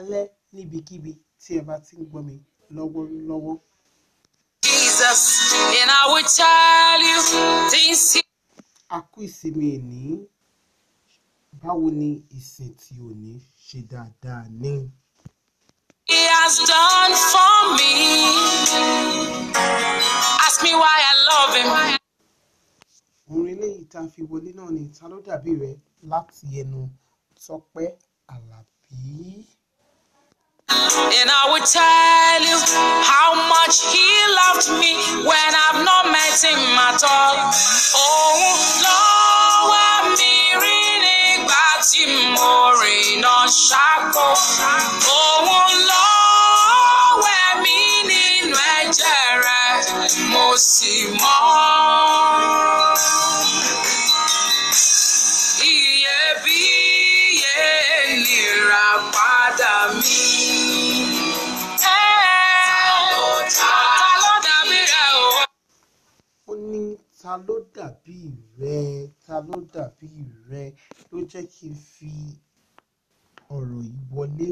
alẹ́ níbikíbi tí ẹ bá ti ń gbọ́ mi lọ́wọ́lọ́wọ́. Jesus and I will tell you things. a kú ìsinmi ẹ̀ní báwo ni ìsìn tí ò ní ṣe dáadáa ní. He has done for me. Ask me why I love him. Orin eléyìí tá a fi wọlé náà ni ta ló dàbí rẹ láti ẹnu Tọ́pẹ́ Àlàbí. And I will tell you how much He loved me when I've not met Him at all. Oh, Lord, oh, lọ́wọ́ mi rí nígbà tí mo rìnà ṣáko. Òun lọ́wọ́ mi nínú ẹ̀jẹ̀ rẹ̀, mo be mọ́. Iyebíye ni ìràpadà me. ta ló dàbí rẹ ta ló dàbí rẹ ló jẹ́ kí n fi ọ̀rọ̀ yìí wọlé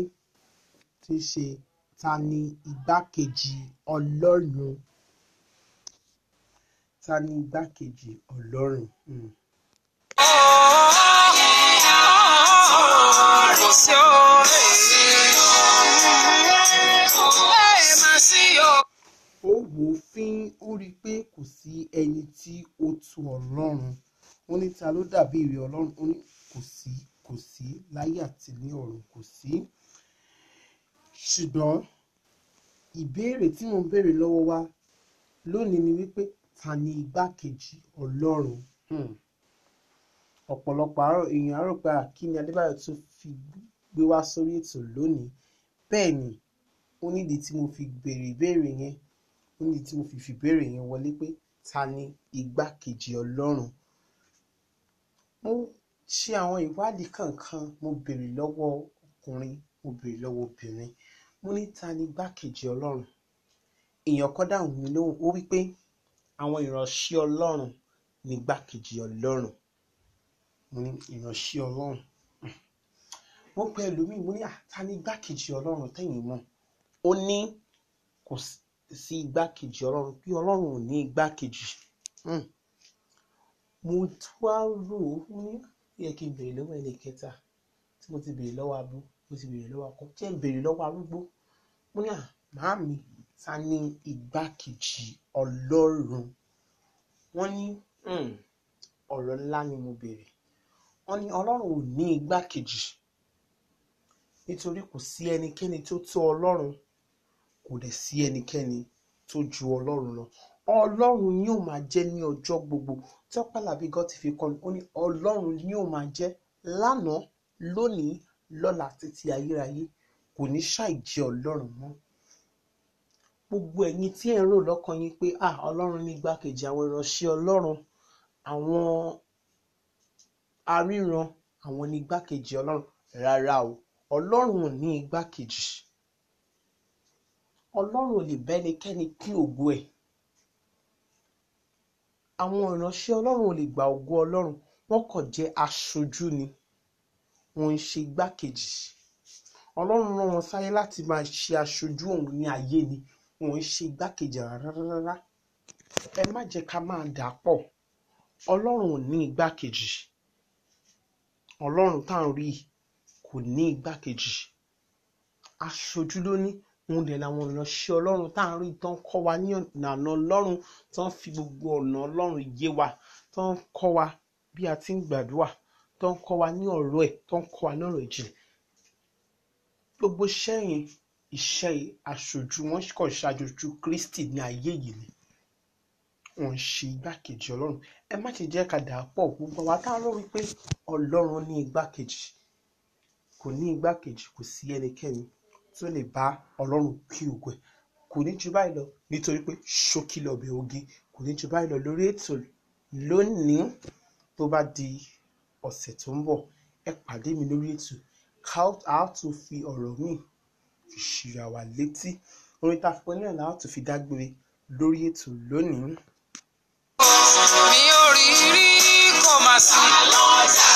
tí í ṣe ta ni igbákejì ọlọ́run ta ni igbákejì ọlọ́run. Mm. kò sí ẹni tí ó tu ọlọ́run ó ní ta ló dàbí ìrè ọlọ́run ó ní kò sí kò sí láyé àti ní ọ̀run kò sí ṣùgbọ́n ìbéèrè tí mo ń béèrè lọ́wọ́ wa lónìí ni wípé ta ni igbákejì ọlọ́run hmm. ọ̀pọ̀lọpọ̀ èèyàn á pé Kí Adébáyọ̀ tó fi gbé wá sórí ètò lónìí bẹ́ẹ̀ ni ó nídìí tí mo fi béèrè ìbéèrè yẹn ó tí mo fi fìbéèrè yẹn wọlé pé ta ni igbákejì ọlọ́run mo ṣe àwọn ìwádìí kankan mo béèrè lọ́wọ́ ọkùnrin mo béèrè lọ́wọ́ obìnrin mo ní ta ni igbákejì ọlọ́run èèyàn kan dáhùn mi lóhùn ó wí pé àwọn ìránṣẹ́ ọlọ́run ni igbákejì ọlọ́run mo ní ìránṣẹ́ ọlọ́run mo pe ẹlòmíì mo ní ah, ta igbákejì ọlọ́run tẹ̀yìn mọ́ ó ní kò sí sí igbákejì ọlọ́run pé ọlọ́run ò ní igbákejì hmm. mo tún wá rò ó fún ní ah, yẹ kí n béèrè lọ́wọ́ ẹni kẹta tí mo ti béèrè lọ́wọ́ abú mo ti béèrè lọ́wọ́ akọ jẹ́ n béèrè lọ́wọ́ arúgbó mo ní à ah, màámi ta ni igbákejì ọlọ́run wọ́n ní hmm, ọ̀rọ̀ ńlá ni mo béèrè wọ́n ní ọlọ́run ò ní igbákejì nítorí kò sí ẹnikẹ́ni tó tó ọlọ́run kò dẹ̀ sí ẹnikẹ́ni tó ju ọlọ́run lọ ọlọ́run ni yóò máa jẹ́ ní ọjọ́ gbogbo tí Ọpẹ́ Àlàbí God fi kọ́ni ó ní ọlọ́run ni yóò máa jẹ́ lánàá lónìí lọ́la títí ayérayé kò ní ṣàì jẹ́ ọlọ́run mọ́ gbogbo ẹ̀yin tí ẹ̀ ń rò lọ́kàn yín pé ah ọlọ́run ní igbákejì àwọn ìránṣẹ́ ọlọ́run àwọn aríran àwọn ní igbákejì ọlọ́run rárá o ọlọ́run ní igbákejì ọlọ́run ò lè bá ẹnikẹ́ni pín ògo ẹ̀ àwọn ìránṣẹ́ ọlọ́run ò lè gba ògo ọlọ́run wọ́n kàn jẹ́ aṣojú ni wọ́n ń ṣe igbákejì ọlọ́run rán wọn sáyé láti máa ṣe aṣojú òun ní ayé ni wọ́n ń ṣe igbákejì rárá ẹ má jẹ́ ká máa dà pọ̀ ọlọ́run ò ní igbákejì ọlọ́run tá à ń rí kò ní igbákejì aṣojú ló ní òun dẹ̀ làwọn ìránṣẹ́ ọlọ́run tá à ń rí tán kọ́ wa ní ìlànà ọlọ́run tán fi gbogbo ọ̀nà ọlọ́run yé wa tán kọ́ wa bí a ti ń gbàdúrà tán kọ́ wa ní ọ̀rọ̀ ẹ̀ tán kọ́ wa lọ́rọ̀ ìjìnlẹ̀ gbogbo sẹ́yìn iṣẹ́ aṣojú wọn kàn ṣàjòjú Kristi ní ayé yìí ni wọn ń ṣe igbákejì ọlọ́run ẹ má ṣe jẹ́ ká dàá pọ̀ gbogbo wa tá a rọ wípé ọlọ́run ní igbákejì kò ní igbákejì kò sí ẹnikẹ́ni tí ó lè bá ọlọ́run kí ògo ẹ̀ kò ní ju báyìí lọ nítorí pé ṣókí lọ́bẹ̀ ogi kò ní ju báyìí lọ lórí ètò lónìí tó bá di ọ̀sẹ̀ tó ń bọ̀ ẹ pàdé mi lórí ètò a ó tún fi ọ̀rọ̀ mi fi ṣìra wa létí orin tá a fọ náà la ó fi dágbére lórí ètò lónìí. mi ò rí rí kò máa sí. àlọ́ ọjà.